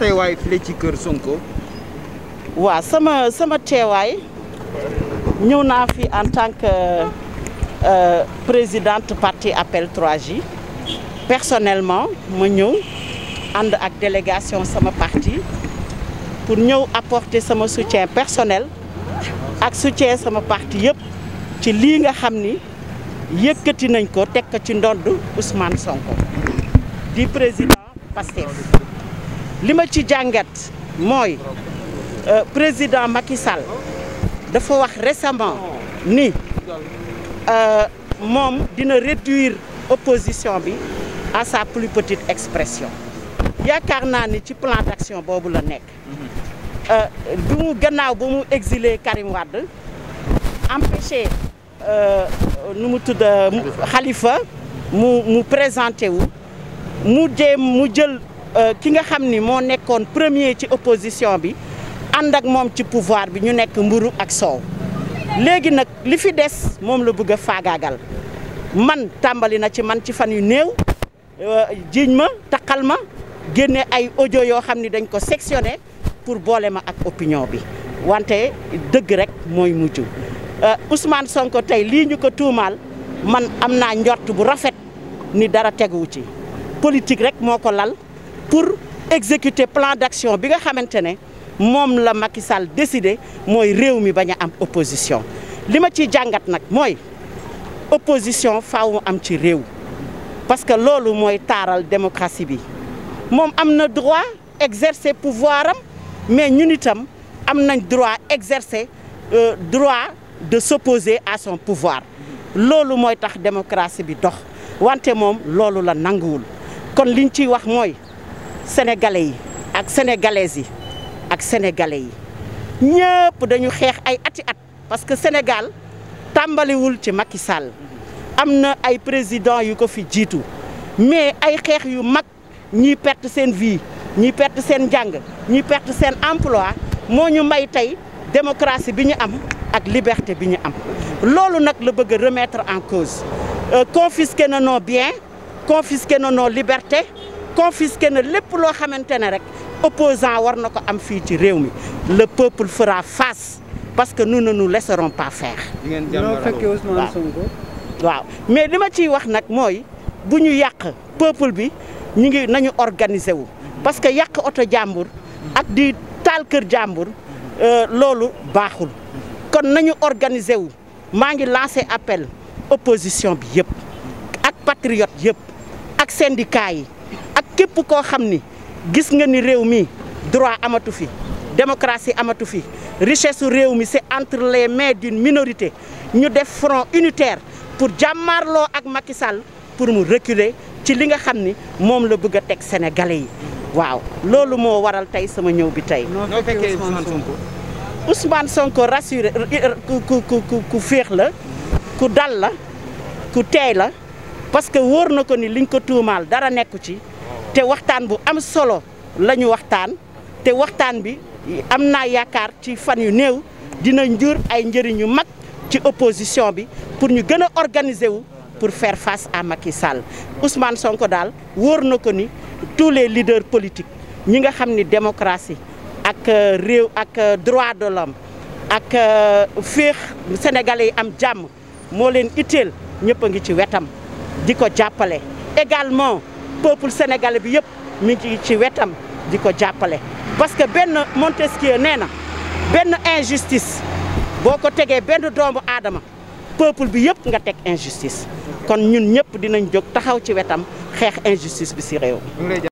teewaay fii ci kër Sonko. waaw sama sama teewaay ñëw naa fi en tant que euh, présidente parti appel 3J personnellement ma ñëw ànd ak délégation sama parti pour ñëw apporter sama soutien personnel ak soutien sama parti yëpp ci lii nga xam ni yëkkati nañ ko teg ko ci ndodd Ousmane Sonko di président Pastef li ma ci jàngat mooy euh, président Macky Sall dafa wax récemment ni euh, moom dina réduire opposition bi à sa plus petite expression yaakaar naa ni ci plan d'action boobu la nekk bi euh, mu gannaaw ba mu exiler Karim Wade empêché nu mu tudd Khalifa mu mu présenté wu mu jël Euh, ki nga xam ni moo nekkoon premier ci opposition bi ànd ak moom ci pouvoir bi ñu nekk mburu ak soow léegi nag li fi des moom la bëgg a faagaagal man tàmbali na ci man ci fan yu néew euh, jiiñ ma taqal ma génne ay audio yoo xam ni dañ ko sectionné pour boole ma ak opinion bi wante dëgg rek mooy mujj euh, Ousmane Sonko tey lii ñu ko tuumaal man am naa njort bu rafet ni dara teguwu ci politique rek moo ko lal pour exécuter plan d'action bi nga xamante ne moom la Macky Sall décidé mooy réew mi bañ a am opposition li ma ciy jàngat nag mooy opposition faaw am ci réew parce que loolu mooy taaral démocratie bi moom am na droit exercer pouvoir am mais ñun itam am nañ droit exercer euh, droit de s'opposer à son pouvoir loolu mooy tax démocratie bi dox wante moom loolu la nanguwul kon liñ ciy wax mooy sénégalais yi ak sénégalaises yi ak sénégalais yi dañu xeex ay ati at parce que Sénégal tàmbaliwul ci Macky Sall am na ay président yu ko fi jiitu mais ay xeex yu mag ñiy perte seen vie ñiy perte seen njàng ñiy perte seen emploi moo ñu may tey démocratie bi ñu am ak liberté bi ñu am loolu nag la bëgg a remettre en cause euh, confisqué na nos biens confisqué na nos libertés confisqué na lépp loo xamante ne rek opposant war na ko am fii ci réew mi le peuple fera face parce que nous ne nous laisserons pas faire. waaw mais li ma ciy wax nag mooy bu ñu yàq peuple bi ñu ngi nañu organiser wu. parce que yàq oto jàmbur. ak di taal kër jàmbur. Euh, loolu baaxul. kon nañu organiser wu maa ngi lancé appel opposition bi yëpp ak patriote yëpp ak syndicat yi. ak képp koo xam ni gis nga ni réew mi droit amatu fi démocratie amatu fi richesse su réew mi c'est entre les mais d'une minorité ñu def front unitaire pour jàmmaarloo ak Macky pour mu reculer ci li nga xam ni moom la bugg a teg sénégalais yi waaw loolu moo waral tey sama ñëw bi tey. noo fekkee Ousmane Sonko. rassuré ku ku ku féex la ku dal la ku teey la parce que wóor na ko ni liñ ko tuumaal dara nekku ci. te waxtaan bu am solo la ñu waxtaan te waxtaan bi am naa yaakaar ci fan yu néew dina njur ay njëriñ yu mag ci opposition bi pour ñu gën a organiser wu pour fair face à Macky Sall Ousmane Sonko daal wóor na ko ni tous les leaders politiques ñi nga xam ni démocratie ak euh, réew ak euh, droit de l'homme ak euh, féex sénégalais yi am jàmm moo leen itteel ñëpp a ngi ci wetam di ko jàppale également peuple sénégalais bi yëpp mi ngi ci wetam di ko jàppale. parce que benn Montesquieu nee na benn injustice boo ko tegee benn doomu aadama peuple bi yëpp nga teg injustice kon ñun ñëpp dinañ jóg taxaw ci wetam xeex injustice bi si réew